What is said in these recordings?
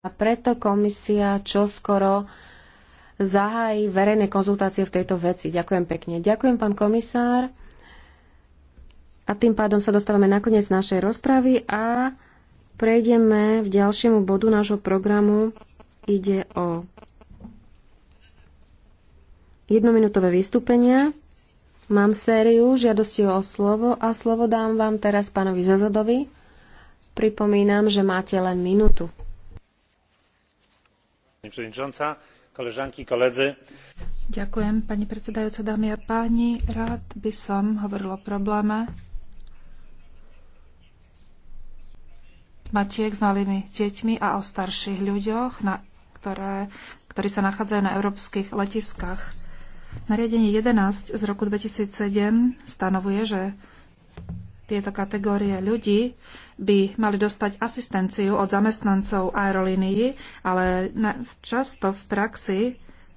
A preto komisia čoskoro zahájí verejné konzultácie v tejto veci. Ďakujem pekne. Ďakujem, pán komisár. A tým pádom sa dostávame na koniec našej rozpravy a prejdeme v ďalšiemu bodu nášho programu. Ide o jednominútové vystúpenia. Mám sériu žiadosti o slovo a slovo dám vám teraz pánovi Zazadovi. Pripomínam, že máte len minútu. Ďakujem, pani predsedajúca, dámy a páni. Rád by som hovoril o probléme matiek s malými deťmi a o starších ľuďoch, na ktoré, ktorí sa nachádzajú na európskych letiskách. Nariadenie 11 z roku 2007 stanovuje, že tieto kategórie ľudí by mali dostať asistenciu od zamestnancov aerolínií, ale často v praxi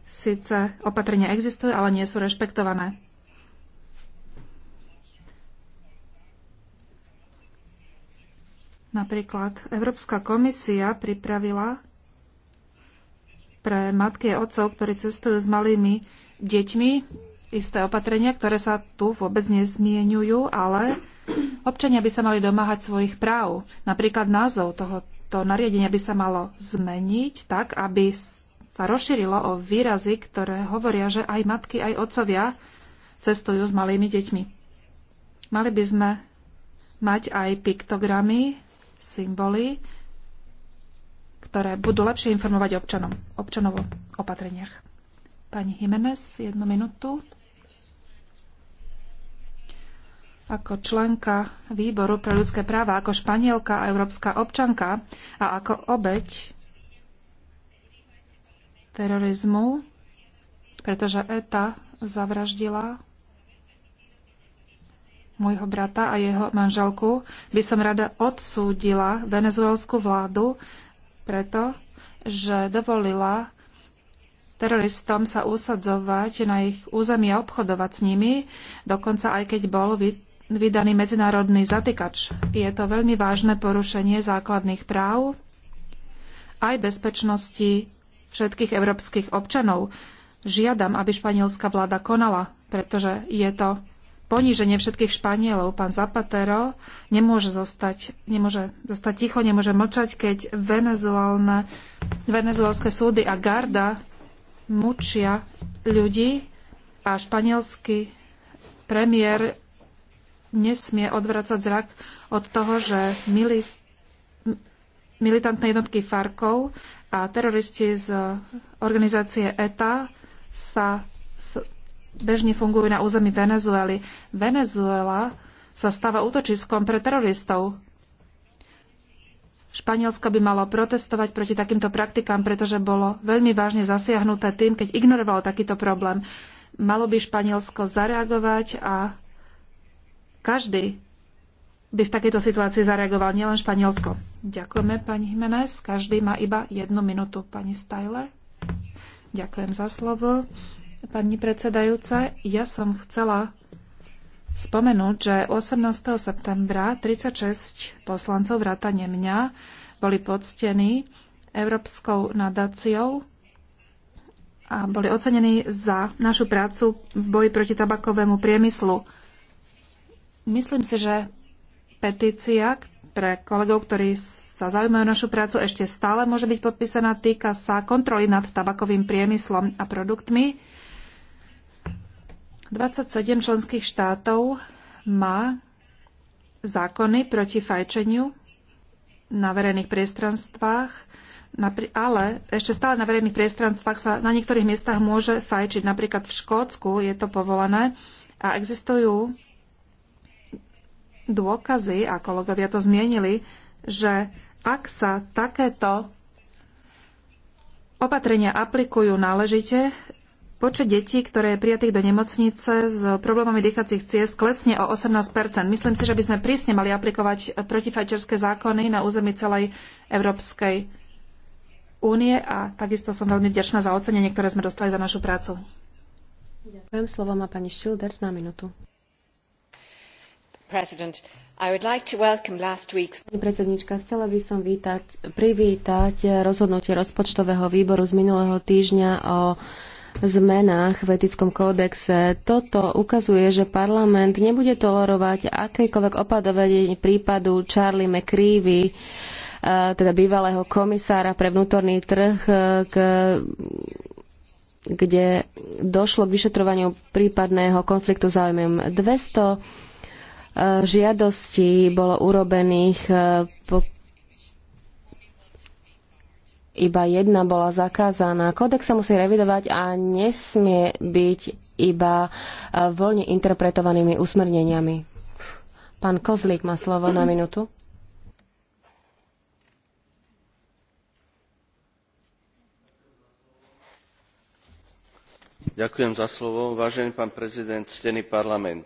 síce opatrenia existujú, ale nie sú rešpektované. Napríklad Európska komisia pripravila pre matky a otcov, ktorí cestujú s malými deťmi, isté opatrenia, ktoré sa tu vôbec nezmienujú, ale Občania by sa mali domáhať svojich práv. Napríklad názov tohoto nariadenia by sa malo zmeniť tak, aby sa rozšírilo o výrazy, ktoré hovoria, že aj matky, aj otcovia cestujú s malými deťmi. Mali by sme mať aj piktogramy, symboly, ktoré budú lepšie informovať občanom, občanov o opatreniach. Pani Jimenez, jednu minútu. Ako členka výboru pre ľudské práva, ako španielka a európska občanka a ako obeď terorizmu, pretože ETA zavraždila môjho brata a jeho manželku, by som rada odsúdila venezuelskú vládu preto, že dovolila teroristom sa usadzovať na ich území a obchodovať s nimi, dokonca aj keď bol vytvorený vydaný medzinárodný zatykač. Je to veľmi vážne porušenie základných práv aj bezpečnosti všetkých európskych občanov. Žiadam, aby španielská vláda konala, pretože je to poníženie všetkých Španielov. Pán Zapatero nemôže zostať, nemôže zostať ticho, nemôže mlčať, keď venezuelské súdy a garda mučia ľudí a španielský premiér nesmie odvracať zrak od toho, že mili, militantné jednotky Farkov a teroristi z organizácie ETA sa bežne fungujú na území Venezuely. Venezuela sa stáva útočiskom pre teroristov. Španielsko by malo protestovať proti takýmto praktikám, pretože bolo veľmi vážne zasiahnuté tým, keď ignorovalo takýto problém. Malo by Španielsko zareagovať a každý by v takejto situácii zareagoval, nielen Španielsko. Ďakujeme, pani Jiménez. Každý má iba jednu minútu. Pani Styler. Ďakujem za slovo. Pani predsedajúce. ja som chcela spomenúť, že 18. septembra 36 poslancov vrátane mňa boli poctení Európskou nadáciou a boli ocenení za našu prácu v boji proti tabakovému priemyslu. Myslím si, že petícia pre kolegov, ktorí sa zaujímajú našu prácu, ešte stále môže byť podpísaná. Týka sa kontroly nad tabakovým priemyslom a produktmi. 27 členských štátov má zákony proti fajčeniu na verejných priestranstvách, ale ešte stále na verejných priestranstvách sa na niektorých miestach môže fajčiť. Napríklad v Škótsku je to povolené a existujú dôkazy, a kolegovia to zmienili, že ak sa takéto opatrenia aplikujú náležite, počet detí, ktoré je prijatých do nemocnice s problémami dýchacích ciest, klesne o 18 Myslím si, že by sme prísne mali aplikovať protifajčerské zákony na území celej Európskej únie a takisto som veľmi vďačná za ocenenie, ktoré sme dostali za našu prácu. Ďakujem. Slovo má pani Šilders na minútu. Pani predsedníčka, chcela by som vítať, privítať rozhodnutie rozpočtového výboru z minulého týždňa o zmenách v etickom kódexe. Toto ukazuje, že parlament nebude tolerovať akékoľvek opadovenie prípadu Charlie McCreevy, eh, teda bývalého komisára pre vnútorný trh, eh, k kde došlo k vyšetrovaniu prípadného konfliktu záujmem 200 žiadostí bolo urobených e, iba jedna bola zakázaná. Kódex sa musí revidovať a nesmie byť iba e, voľne interpretovanými usmerneniami. Pán Kozlík má slovo na minútu. Ďakujem za slovo. Vážený pán prezident, stený parlament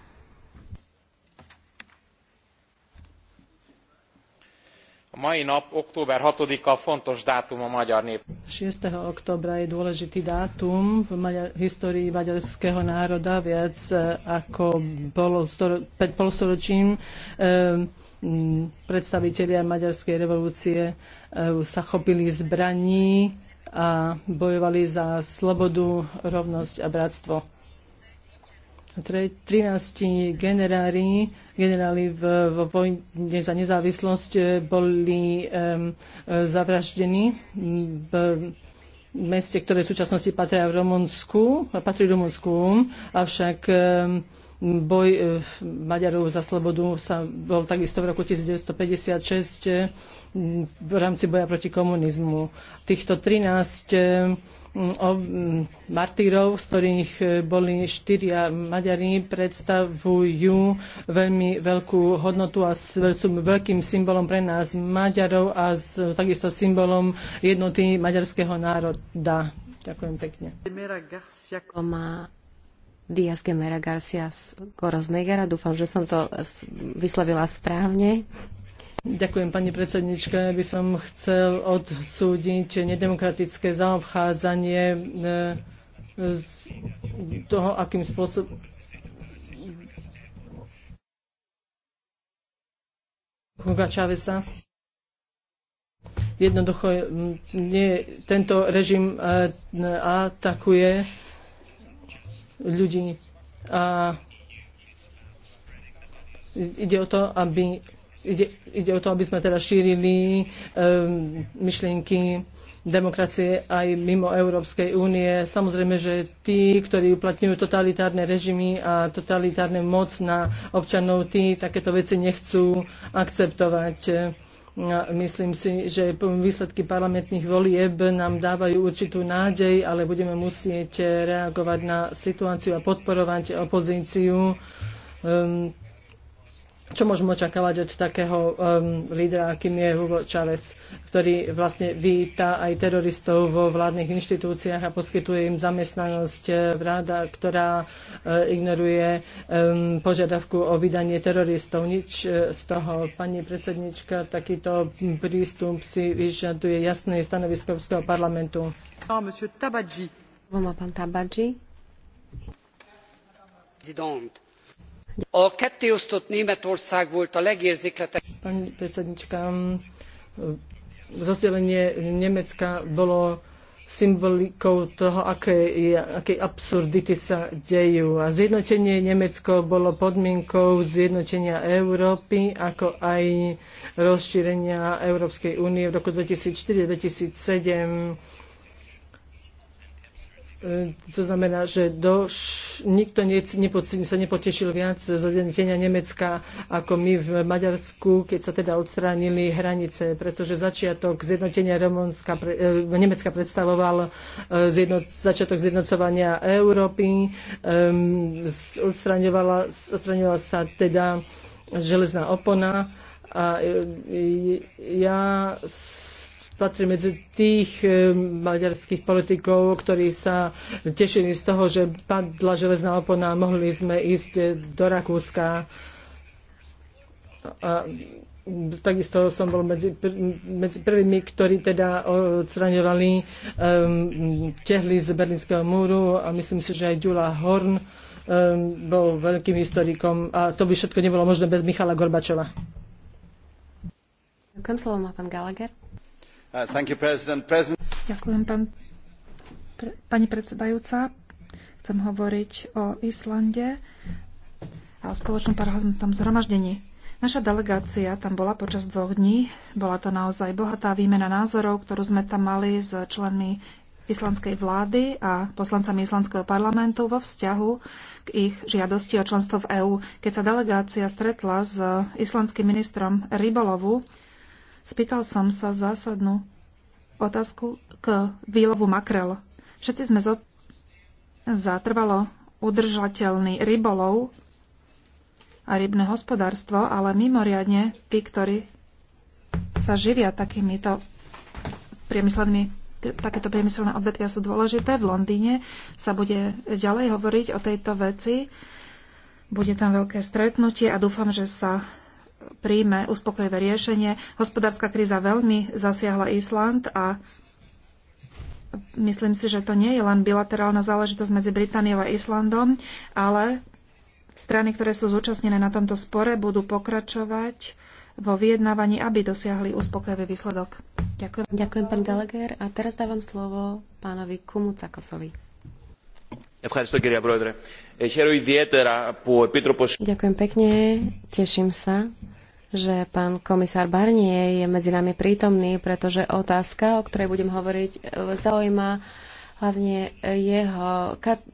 a mai nap október six a fontos dátum a magyar nép. 6. októbra je dôležitý dátum v maďar, histórii maďarského národa viac e, ako polostoro, polstoročím e, predstavitelia maďarskej revolúcie e, sa chopili zbraní a bojovali za slobodu, rovnosť a bratstvo. 13 generáli, generáli v, v vojne za nezávislosť eh, boli um, zavraždení v meste, ktoré v súčasnosti patria v Rumunsku, patrí Rumunsku, avšak um, boj eh, Maďarov za slobodu sa bol takisto v roku 1956 v rámci boja proti komunizmu. Týchto 13 martírov, z ktorých e, boli štyria Maďari, predstavujú veľmi veľkú hodnotu a sú veľkým symbolom pre nás Maďarov a takisto symbolom jednoty maďarského národa. Ďakujem pekne. Díaz Gemera Garcia Gorozmegera. Dúfam, že som to vyslovila správne. Ďakujem, pani predsednička. Ja by som chcel odsúdiť nedemokratické zaobchádzanie e, z toho, akým spôsobom Hugo Chávesa. Jednoducho nie, tento režim e, atakuje ľudí a ide o to, aby ide, ide o to, aby sme teda šírili um, myšlienky demokracie aj mimo Európskej únie. Samozrejme, že tí, ktorí uplatňujú totalitárne režimy a totalitárne moc na občanov, tí takéto veci nechcú akceptovať. No, myslím si, že výsledky parlamentných volieb nám dávajú určitú nádej, ale budeme musieť reagovať na situáciu a podporovať opozíciu. Um, čo môžeme očakávať od takého um, lídra, akým je Hugo Chávez, ktorý vlastne víta aj teroristov vo vládnych inštitúciách a poskytuje im zamestnanosť eh, vláda, ktorá uh, ignoruje um, požiadavku o vydanie teroristov. Nič eh, z toho, pani predsednička, takýto prístup si vyžaduje jasné stanovisko Európskeho parlamentu. Ah, monsieur Tabadži. Pán Tabadži. Prezident. Pani predsednička, rozdelenie Nemecka bolo symbolikou toho, aké, absurdity sa dejú. A zjednotenie Nemecko bolo podmienkou zjednotenia Európy, ako aj rozšírenia Európskej únie v roku 2004-2007 E, to znamená, že do, š, nikto ne, nepo, sa nepotešil viac z odjednotenia Nemecka ako my v Maďarsku, keď sa teda odstránili hranice, pretože začiatok zjednotenia Romonska, pre, e, Nemecka predstavoval e, zjedno, začiatok zjednocovania Európy, e, odstraňovala sa teda železná opona a e, e ja s, patrí medzi tých eh, maďarských politikov, ktorí sa tešili z toho, že padla železná opona a mohli sme ísť eh, do Rakúska. A takisto som bol medzi, pr- medzi prvými, ktorí teda odstraňovali um, tehly z Berlínskeho múru a myslím si, že aj Ďula Horn um, bol veľkým historikom a to by všetko nebolo možné bez Michala Gorbačova. Ďakujem, slovo má pán Gallagher. Uh, Ďakujem, pani predsedajúca. Chcem hovoriť o Islande a o spoločnom parlamentnom zhromaždení. Naša delegácia tam bola počas dvoch dní. Bola to naozaj bohatá výmena názorov, ktorú sme tam mali s členmi islandskej vlády a poslancami islandského parlamentu vo vzťahu k ich žiadosti o členstvo v EÚ. Keď sa delegácia stretla s islandským ministrom rybolovu Spýtal som sa zásadnú otázku k výlovu makrel. Všetci sme zo... zatrvalo udržateľný rybolov a rybné hospodárstvo, ale mimoriadne tí, ktorí sa živia takýmito priemyslenými takéto priemyselné odvetvia sú dôležité. V Londýne sa bude ďalej hovoriť o tejto veci. Bude tam veľké stretnutie a dúfam, že sa príjme uspokojivé riešenie. Hospodárska kríza veľmi zasiahla Island a myslím si, že to nie je len bilaterálna záležitosť medzi Britániou a Islandom, ale strany, ktoré sú zúčastnené na tomto spore, budú pokračovať vo vyjednávaní, aby dosiahli uspokojivý výsledok. Ďakujem. Ďakujem, pán Gallagher. A teraz dávam slovo pánovi Kumu Cakosovi. Ďakujem pekne, teším sa, že pán komisár Barnier je medzi nami prítomný, pretože otázka, o ktorej budem hovoriť, e, zaujíma hlavne jeho kat-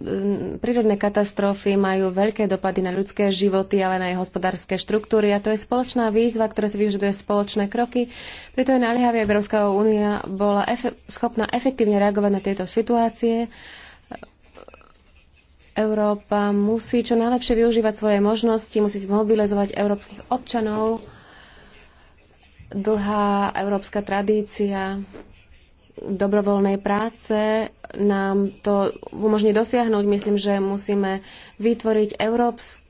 prírodné katastrofy majú veľké dopady na ľudské životy, ale na aj hospodárske štruktúry a to je spoločná výzva, ktorá si vyžaduje spoločné kroky. Preto je aby Európska únia bola efe- schopná efektívne reagovať na tieto situácie Európa musí čo najlepšie využívať svoje možnosti, musí zmobilizovať európskych občanov. Dlhá európska tradícia dobrovoľnej práce nám to umožní dosiahnuť. Myslím, že musíme vytvoriť európsky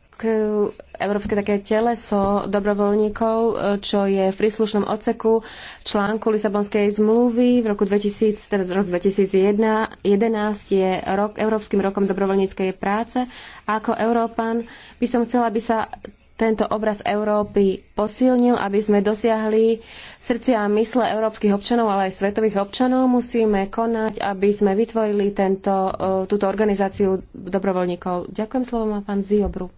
európske také teleso dobrovoľníkov, e, čo je v príslušnom odseku článku Lisabonskej zmluvy v roku 2000, teda rok 2011 je rok, Európskym rokom dobrovoľníckej práce. A ako Európan by som chcela, aby sa tento obraz Európy posilnil, aby sme dosiahli srdcia a mysle európskych občanov, ale aj svetových občanov. Musíme konať, aby sme vytvorili tento, e, túto organizáciu dobrovoľníkov. Ďakujem slovo má pán Ziobru.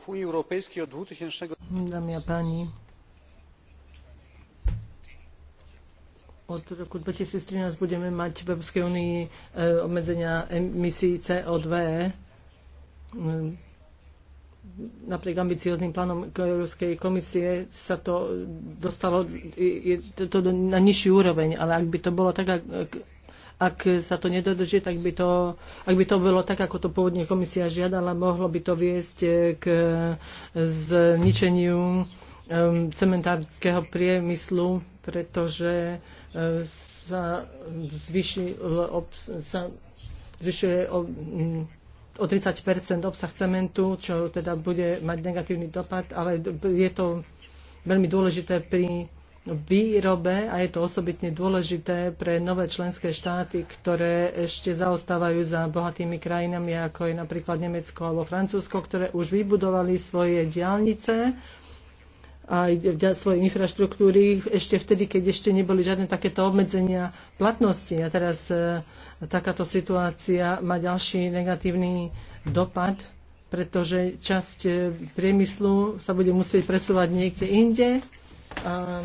w unii europejskiej od dwa tysiące trzynaście roku 2013 budeme mať v obmedzenia emisji CO2. E. E, Napriek ambicióznym Európskej komisie sa to dostalo to na nižší úroveň, ale ak by to bolo tak, ak sa to nedodrží, tak by to, ak by to bolo tak, ako to pôvodne komisia žiadala, mohlo by to viesť eh, k zničeniu ehm, cementárskeho priemyslu, pretože eh, sa, zvyši, sa zvyšuje o, mm, o 30 obsah cementu, čo teda bude mať negatívny dopad, ale je to veľmi dôležité pri výrobe a je to osobitne dôležité pre nové členské štáty, ktoré ešte zaostávajú za bohatými krajinami, ako je napríklad Nemecko alebo Francúzsko, ktoré už vybudovali svoje diálnice a svoje infraštruktúry ešte vtedy, keď ešte neboli žiadne takéto obmedzenia platnosti. A teraz e, takáto situácia má ďalší negatívny dopad, pretože časť e, priemyslu sa bude musieť presúvať niekde inde. A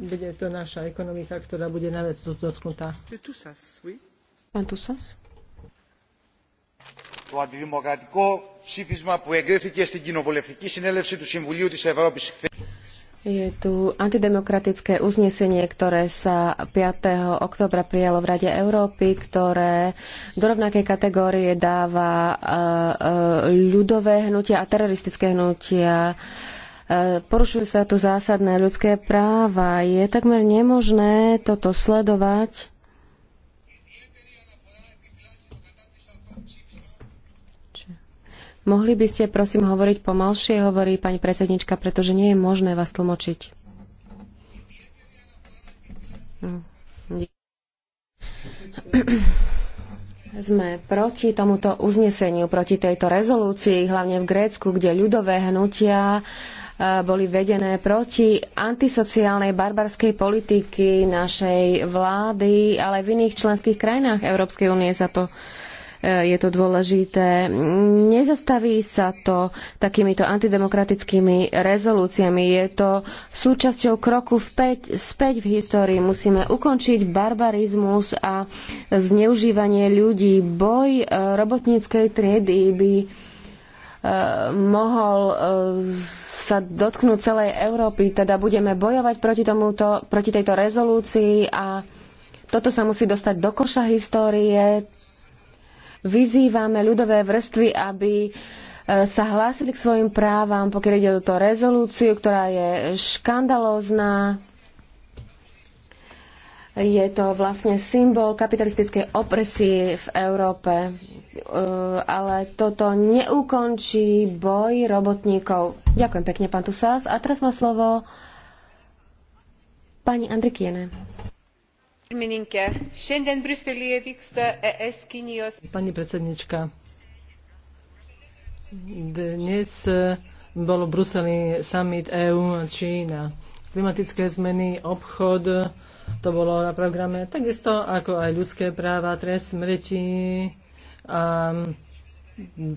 bude to naša ekonomika, ktorá bude najviac dotknutá. Pán Tusas. Το αντιδημοκρατικό ψήφισμα που εγκρίθηκε στην κοινοβουλευτική συνέλευση του Συμβουλίου της Ευρώπης χθε. Je tu antidemokratické uznesenie, ktoré sa 5. oktobra prijalo v Rade Európy, ktoré do rovnakej kategórie dáva e, e, ľudové hnutia a teroristické hnutia. Porušujú sa tu zásadné ľudské práva. Je takmer nemožné toto sledovať. Mohli by ste prosím hovoriť pomalšie, hovorí pani predsednička, pretože nie je možné vás tlmočiť. Sme proti tomuto uzneseniu, proti tejto rezolúcii, hlavne v Grécku, kde ľudové hnutia boli vedené proti antisociálnej barbarskej politiky našej vlády, ale v iných členských krajinách Európskej únie sa to e, je to dôležité. Nezastaví sa to takýmito antidemokratickými rezolúciami. Je to súčasťou kroku vpäť, späť v histórii. Musíme ukončiť barbarizmus a zneužívanie ľudí. Boj e, robotníckej triedy by e, mohol sa dotknú celej Európy, teda budeme bojovať proti, tomuto, proti tejto rezolúcii a toto sa musí dostať do koša histórie. Vyzývame ľudové vrstvy, aby e, sa hlásili k svojim právam, pokiaľ ide o túto rezolúciu, ktorá je škandalózna. Je to vlastne symbol kapitalistickej opresie v Európe. Eh, ale toto neukončí boj robotníkov. Ďakujem pekne, pán Tusás. A teraz má slovo pani Andrikiene. E pani predsednička, dnes eh, bolo v Bruseli summit EU a Čína. Klimatické zmeny, obchod, to bolo na programe, takisto ako aj ľudské práva, trest smrti, a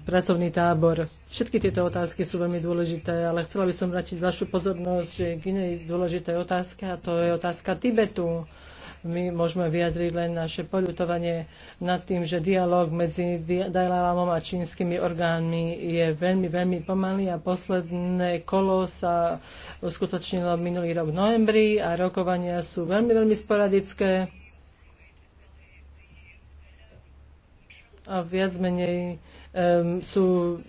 pracovný tábor. Všetky tieto otázky sú veľmi dôležité, ale chcela by som vrátiť vašu pozornosť k inej dôležitej otázke, a to je otázka Tibetu. My môžeme vyjadriť len naše poľutovanie nad tým, že dialog medzi Dajlámom a čínskymi orgánmi je veľmi, veľmi pomalý a posledné kolo sa uskutočnilo minulý rok v novembri a rokovania sú veľmi, veľmi sporadické a viac menej um, sú,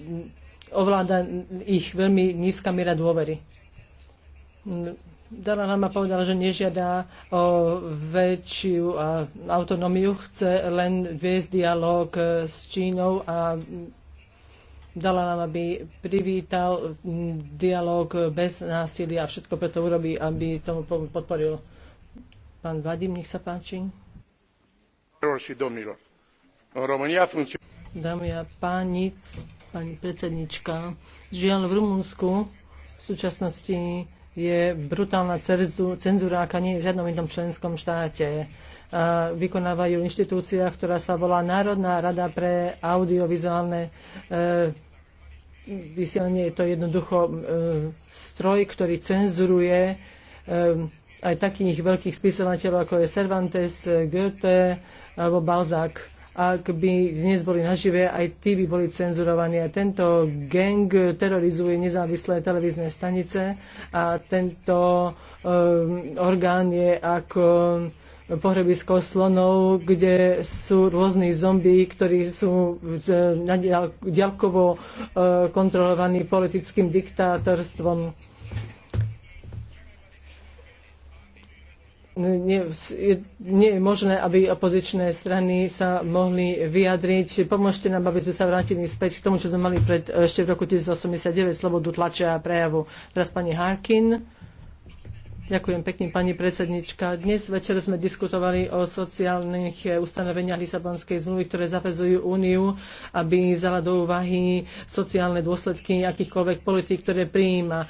ovláda ich veľmi nízka miera dôvery. Dalai Lama povedal, že nežiada o väčšiu autonómiu, chce len viesť dialog s Čínou a Dalai Lama by privítal dialog bez násilia a všetko preto urobí, aby tomu podporil. Pán Vadim, nech sa páči. Domnilor Dámy a páni, pani predsednička, žiaľ v Rumunsku v súčasnosti je brutálna cenzúra, aká nie je v žiadnom inom členskom štáte. Vykonávajú inštitúcia, ktorá sa volá Národná rada pre audiovizuálne e, vysielanie. Je to jednoducho e, stroj, ktorý cenzuruje e, aj takých veľkých spisovateľov, ako je Cervantes, Goethe alebo Balzac ak by dnes boli nažive, aj tí by boli cenzurovaní. A tento gang terorizuje nezávislé televízne stanice a tento um, orgán je ako pohrebisko slonov, kde sú rôzni zombi, ktorí sú diaľkovo ehm, kontrolovaní politickým diktátorstvom No, nie, nie je možné, aby opozičné strany sa mohli vyjadriť. Pomôžte nám, aby sme sa vrátili späť k tomu, čo sme mali pred, ešte v roku 1989, slobodu tlače a prejavu. Teraz pani Harkin. Ďakujem pekne, pani predsednička. Dnes večer sme diskutovali o sociálnych ustanoveniach Lisabonskej zmluvy, ktoré zavezujú Úniu, aby vzala do úvahy sociálne dôsledky akýchkoľvek politík, ktoré prijíma. E,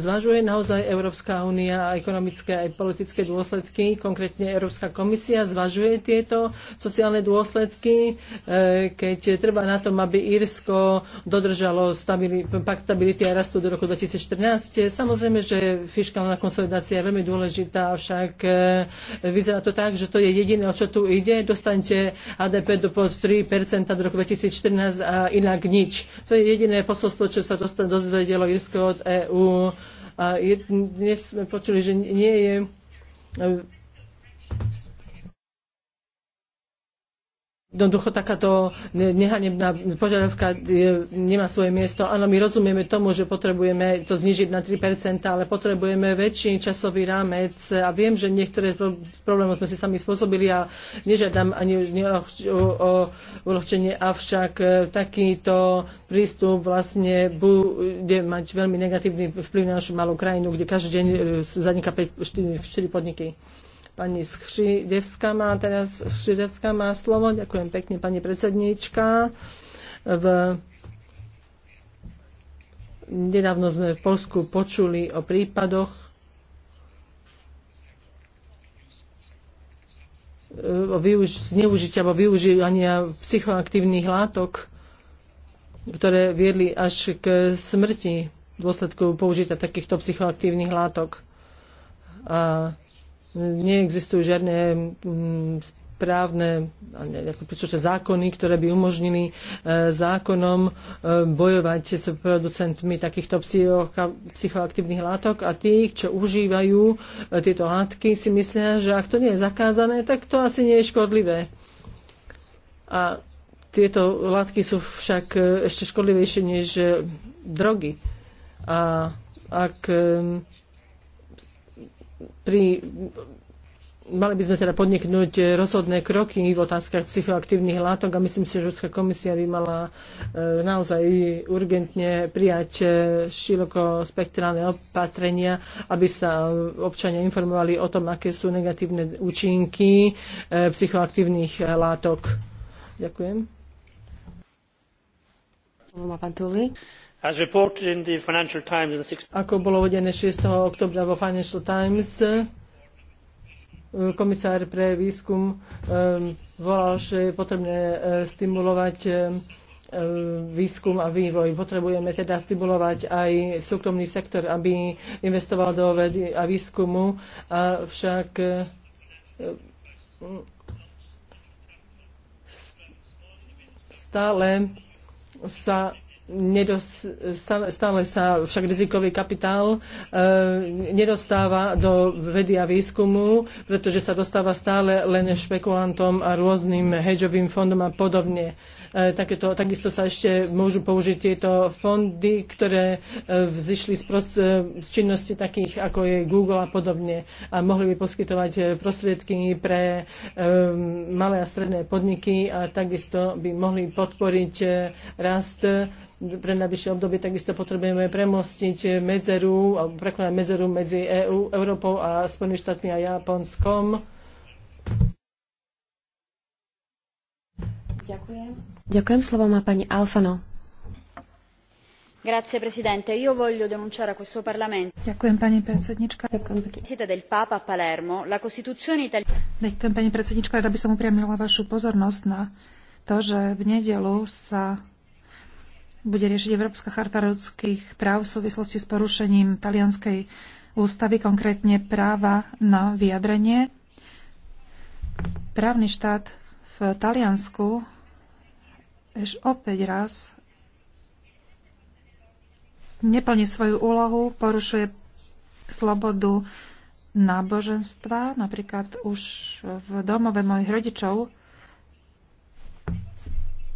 zvažuje naozaj Európska únia ekonomické aj politické dôsledky, konkrétne Európska komisia zvažuje tieto sociálne dôsledky, e, keď treba na tom, aby Írsko dodržalo stabili, pakt stability a rastu do roku 2014. Samozrejme, že fiskálna konsolidácia organizácia je veľmi dôležitá, avšak e, vyzerá to tak, že to je jediné, o čo tu ide. Dostaňte ADP do pod 3% do roku 2014 a inak nič. To je jediné posolstvo, čo sa dozvedelo Irsko od EÚ. A dnes sme počuli, že nie je jednoducho takáto nehanebná požiadavka nemá svoje miesto. Áno, my rozumieme tomu, že potrebujeme to znižiť na 3%, ale potrebujeme väčší časový rámec a viem, že niektoré problémy sme si sami spôsobili a nežiadam ani o uľahčenie, avšak e, takýto prístup vlastne bude mať veľmi negatívny vplyv na našu malú krajinu, kde každý deň e, zaniká 4 podniky. Pani Skřidevská má teraz Skřidevská má slovo. Ďakujem pekne, pani predsedníčka. V Nedávno sme v Polsku počuli o prípadoch o využ- zneužitia alebo využívania psychoaktívnych látok, ktoré viedli až k smrti v dôsledku použitia takýchto psychoaktívnych látok. A neexistujú žiadne mm, právne príslušné zákony, ktoré by umožnili e, zákonom e, bojovať s producentmi takýchto psychoaktívnych látok a tých, čo užívajú e, tieto látky, si myslia, že ak to nie je zakázané, tak to asi nie je škodlivé. A tieto látky sú však ešte škodlivejšie než drogy. A ak pri mali by sme teda podniknúť rozhodné kroky v otázkach psychoaktívnych látok a myslím si, že Európska komisia by mala e, naozaj urgentne prijať e, široko spektrálne opatrenia, aby sa občania informovali o tom, aké sú negatívne účinky e, psychoaktívnych látok. Ďakujem. Pán Tuli. Ako bolo uvedené 6. oktobra vo Financial Times, e, komisár pre výskum e, volal, že je potrebné e, stimulovať výskum a vývoj. Potrebujeme teda stimulovať aj súkromný sektor, aby investoval do vedy a výskumu, avšak stále sa stále, sa však rizikový kapitál e, nedostáva do vedy a výskumu, pretože sa dostáva stále len špekulantom a rôznym hedžovým fondom a podobne. E, takéto, takisto sa ešte môžu použiť tieto fondy, ktoré e, vzýšli z, prost, z činnosti takých ako je Google a podobne a mohli by poskytovať prostriedky pre malé a stredné podniky a takisto by mohli podporiť rast pre najbližšie obdobie takisto potrebujeme premostiť medzeru, alebo prekonať medzeru medzi EU, Európou a Spojenými štátmi a Japonskom. Ďakujem. Ďakujem, slovo má pani Alfano. Grazie Presidente, io voglio denunciare a questo Parlamento. Ďakujem pani predsednička. Visita del Papa a Palermo, la Costituzione italiana. Ďakujem pani predsednička, rada by som upriamila vašu pozornosť na to, že v nedelu sa bude riešiť Európska charta ľudských práv v súvislosti s porušením talianskej ústavy, konkrétne práva na vyjadrenie. Právny štát v Taliansku ešte opäť raz neplní svoju úlohu, porušuje slobodu náboženstva. Napríklad už v domove mojich rodičov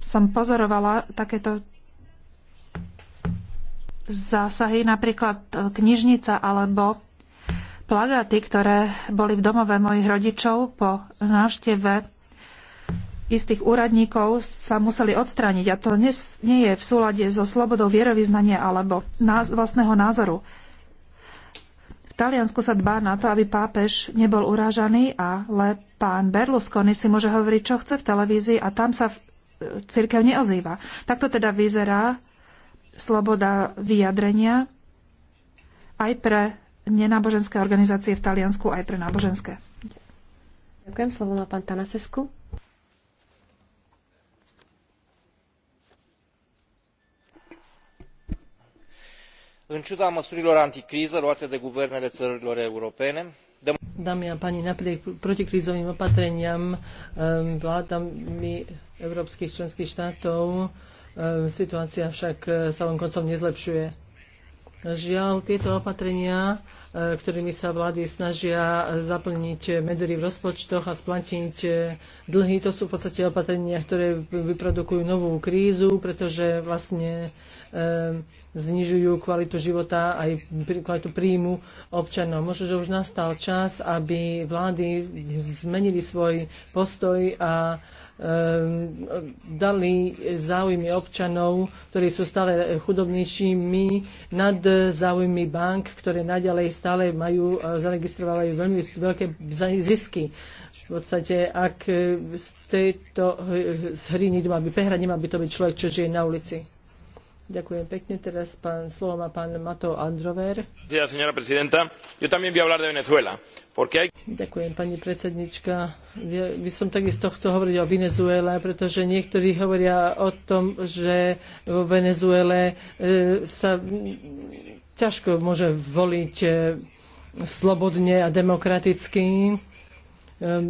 som pozorovala takéto zásahy, napríklad e, knižnica alebo plagáty, ktoré boli v domove mojich rodičov po návšteve istých úradníkov sa museli odstrániť a to nie, nie je v súlade so slobodou vierovýznania alebo náz, vlastného názoru. V Taliansku sa dbá na to, aby pápež nebol urážaný, ale pán Berlusconi si môže hovoriť, čo chce v televízii a tam sa e, církev neozýva. Takto teda vyzerá sloboda vyjadrenia aj pre nenáboženské organizácie v Taliansku, aj pre náboženské. Ďakujem. Slovo má pán Tanasesku. În ciuda măsurilor anticriză luate de guvernele țărilor europene, Dámy a páni, napriek protikrízovým opatreniam ehm, vládami európskych členských štátov E, situácia však e, sa len koncom nezlepšuje. Žiaľ, tieto opatrenia, e, ktorými sa vlády snažia zaplniť medzery v rozpočtoch a splatiť dlhy, to sú v podstate opatrenia, ktoré vyprodukujú novú krízu, pretože vlastne znižujú kvalitu života aj kvalitu príjmu občanov. Možno, že už nastal čas, aby vlády zmenili svoj postoj a Ehm, dali záujmy občanov, ktorí sú stále chudobnejšími, nad záujmy bank, ktoré naďalej stále majú, zaregistrovávajú veľmi veľké zisky. V podstate, ak z tejto e, z hry má byť prehra, nemá by to byť človek, čo žije na ulici. Ďakujem pekne. Teraz pán, slovo má pán Mato Androver. Ďakujem, pani predsednička. Ja by som takisto chcel hovoriť o Venezuele, pretože niektorí hovoria o tom, že vo Venezuele e, sa ťažko môže voliť e, slobodne a demokraticky ehm,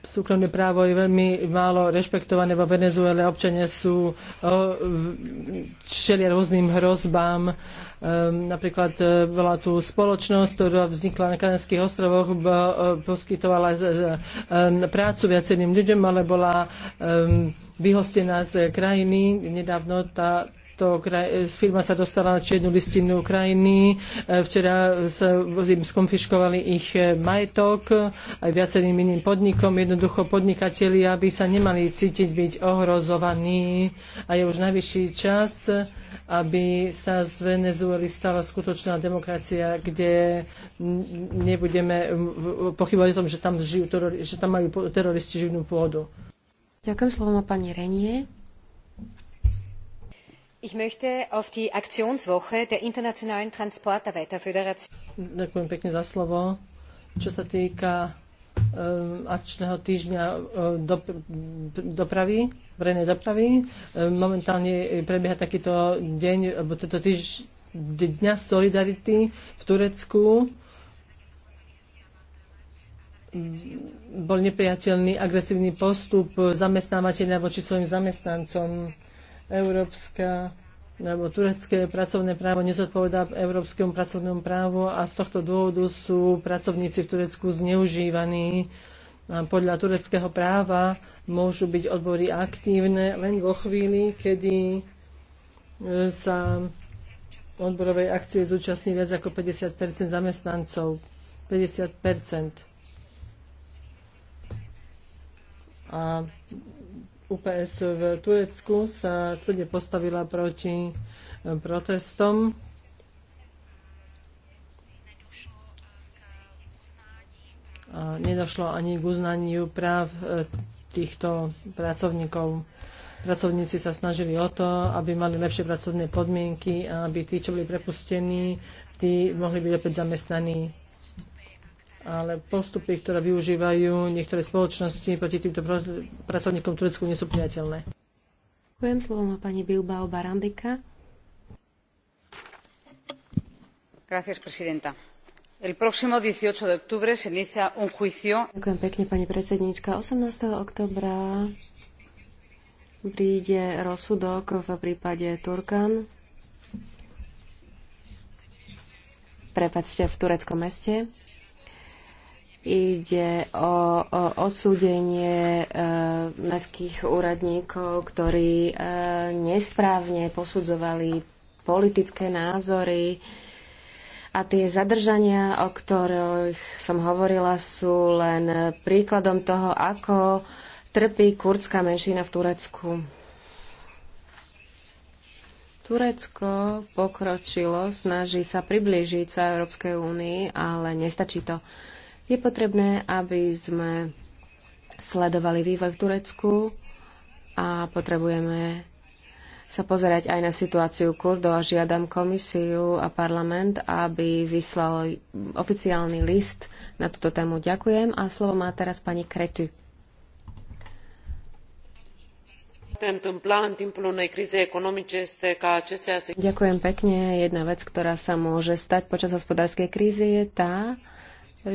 súkromné právo je veľmi málo rešpektované vo Venezuele. Občania sú čelia rôznym hrozbám. Ehm, napríklad e, bola tu spoločnosť, ktorá vznikla na Kanadských ostrovoch, poskytovala e, e, ehm, prácu viacerým ľuďom, ale bola ehm, vyhostená z krajiny. Nedávno tá táto kraj, e, firma sa dostala na čiernu listinu krajiny. E, včera sa im skonfiškovali ich e, majetok aj viacerým iným podnikom. Jednoducho podnikatelia aby sa nemali cítiť byť ohrozovaní a je už najvyšší čas, aby sa z Venezuely stala skutočná demokracia, kde nebudeme pochybovať o tom, že tam, žijú, že tam majú teroristi živnú pôdu. Ďakujem slovo pani Renie ich möchte auf die aktionswoche der internationalen transportarbeiterföderation Ďakujem Čo sa týka um, akčného týždňa um, dop dopravy, verejnej dopravy, Um, momentálne prebieha takýto deň, alebo tento týždeň Dňa solidarity v Turecku bol nepriateľný agresívny postup zamestnávateľa voči svojim zamestnancom európska alebo turecké pracovné právo nezodpovedá európskemu pracovnému právu a z tohto dôvodu sú pracovníci v Turecku zneužívaní. A podľa tureckého práva môžu byť odbory aktívne len vo chvíli, kedy e, sa odborovej akcie zúčastní viac ako 50 zamestnancov. 50 A UPS v Turecku sa tvrde postavila proti eh, protestom. A nedošlo ani k uznaniu práv eh, týchto pracovníkov. Pracovníci sa snažili o to, aby mali lepšie pracovné podmienky a aby tí, čo boli prepustení, tí mohli byť opäť zamestnaní ale postupy, ktoré využívajú niektoré spoločnosti proti týmto pracovníkom Turecku nie sú priateľné. Ďakujem slovo má pani Bilbao Barandika. Gracias, presidenta. El próximo 18 de octubre se inicia un juicio. Ďakujem pekne, pani predsednička. 18. oktobra príde rozsudok v prípade Turkan. Prepačte, v tureckom meste Ide o, o osúdenie e, mestských úradníkov, ktorí e, nesprávne posudzovali politické názory a tie zadržania, o ktorých som hovorila, sú len príkladom toho, ako trpí kurdská menšina v Turecku. Turecko pokročilo, snaží sa priblížiť sa Európskej únii, ale nestačí to. Je potrebné, aby sme sledovali vývoj v Turecku a potrebujeme sa pozerať aj na situáciu Kurdov a žiadam komisiu a parlament, aby vyslal oficiálny list na túto tému. Ďakujem a slovo má teraz pani Kretu. Ďakujem pekne. Jedna vec, ktorá sa môže stať počas hospodárskej krízy, je tá,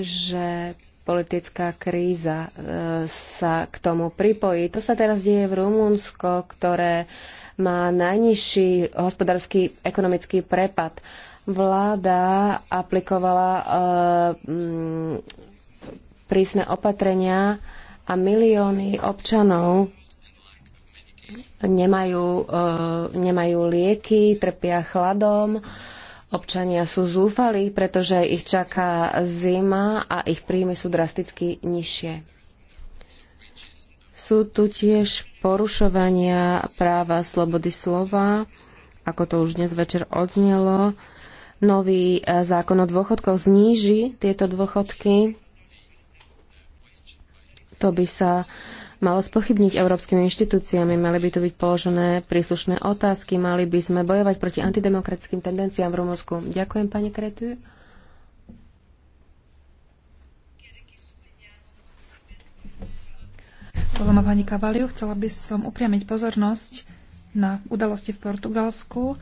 že politická kríza e, sa k tomu pripojí. To sa teraz deje v Rumunsko, ktoré má najnižší hospodársky ekonomický prepad. Vláda aplikovala e, mm, prísne opatrenia a milióny občanov nemajú, e, nemajú lieky, trpia chladom Občania sú zúfali, pretože ich čaká zima a ich príjmy sú drasticky nižšie. Sú tu tiež porušovania práva slobody slova, ako to už dnes večer odznelo. Nový e, zákon o dôchodkoch zníži tieto dôchodky. To by sa malo spochybniť európskymi inštitúciami, mali by tu byť položené príslušné otázky, mali by sme bojovať proti antidemokratickým tendenciám v Rumunsku. Ďakujem, pani Kretu. Slovo pani Kavaliu. Chcela by som upriamiť pozornosť na udalosti v Portugalsku,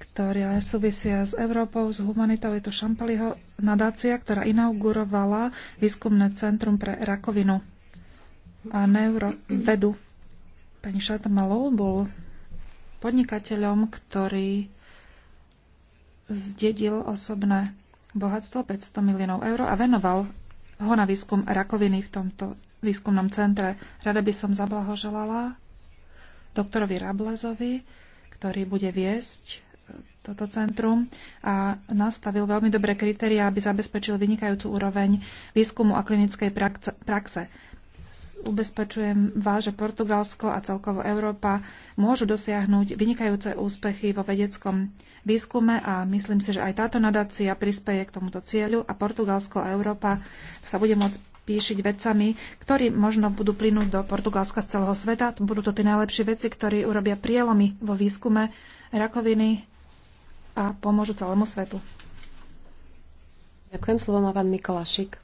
ktoré súvisia s Európou, s humanitou. Je to Šampaliho nadácia, ktorá inaugurovala výskumné centrum pre rakovinu a neurovedu. Pani Malou bol podnikateľom, ktorý zdedil osobné bohatstvo 500 miliónov eur a venoval ho na výskum rakoviny v tomto výskumnom centre. Rada by som zablahoželala doktorovi Rablezovi, ktorý bude viesť toto centrum a nastavil veľmi dobré kritéria, aby zabezpečil vynikajúcu úroveň výskumu a klinickej praxe ubezpečujem vás, že Portugalsko a celkovo Európa môžu dosiahnuť vynikajúce úspechy vo vedeckom výskume a myslím si, že aj táto nadácia prispieje k tomuto cieľu a Portugalsko a Európa sa bude môcť píšiť vecami, ktorí možno budú plynúť do Portugalska z celého sveta. Budú to tie najlepšie veci, ktorí urobia prielomy vo výskume rakoviny a pomôžu celému svetu. Ďakujem, slovo má pán Mikolašik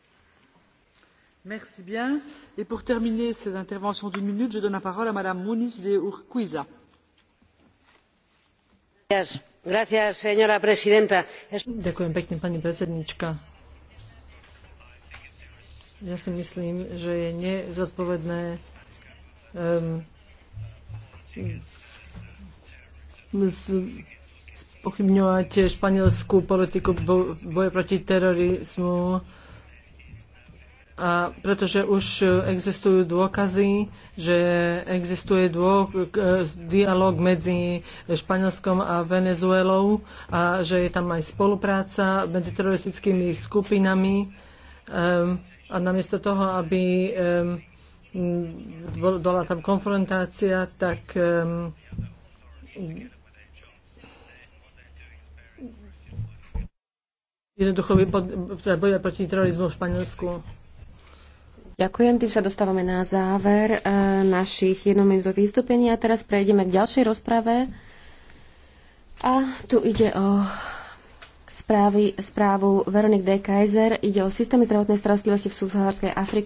Merci bien. Et pour terminer ces interventions d'une minute, je donne la parole à Madame Muniz de Urquiza. Ďakujem pani predsednička. Ja si myslím, že je nezodpovedné ehm, spochybňovať španielsku politiku boja proti terorizmu a pretože už e, existujú dôkazy, že existuje dô, e, dialog medzi Španielskom a Venezuelou a že je tam aj spolupráca medzi teroristickými skupinami a namiesto toho, aby bola tam konfrontácia, tak jednoducho teda boja proti terorizmu v Španielsku. Ďakujem, tým sa dostávame na záver eh, našich jednominútových vystúpení a teraz prejdeme k ďalšej rozprave. A tu ide o správy, správu Veronik D. Kaiser. Ide o systémy zdravotnej starostlivosti v subsahárskej Afrike.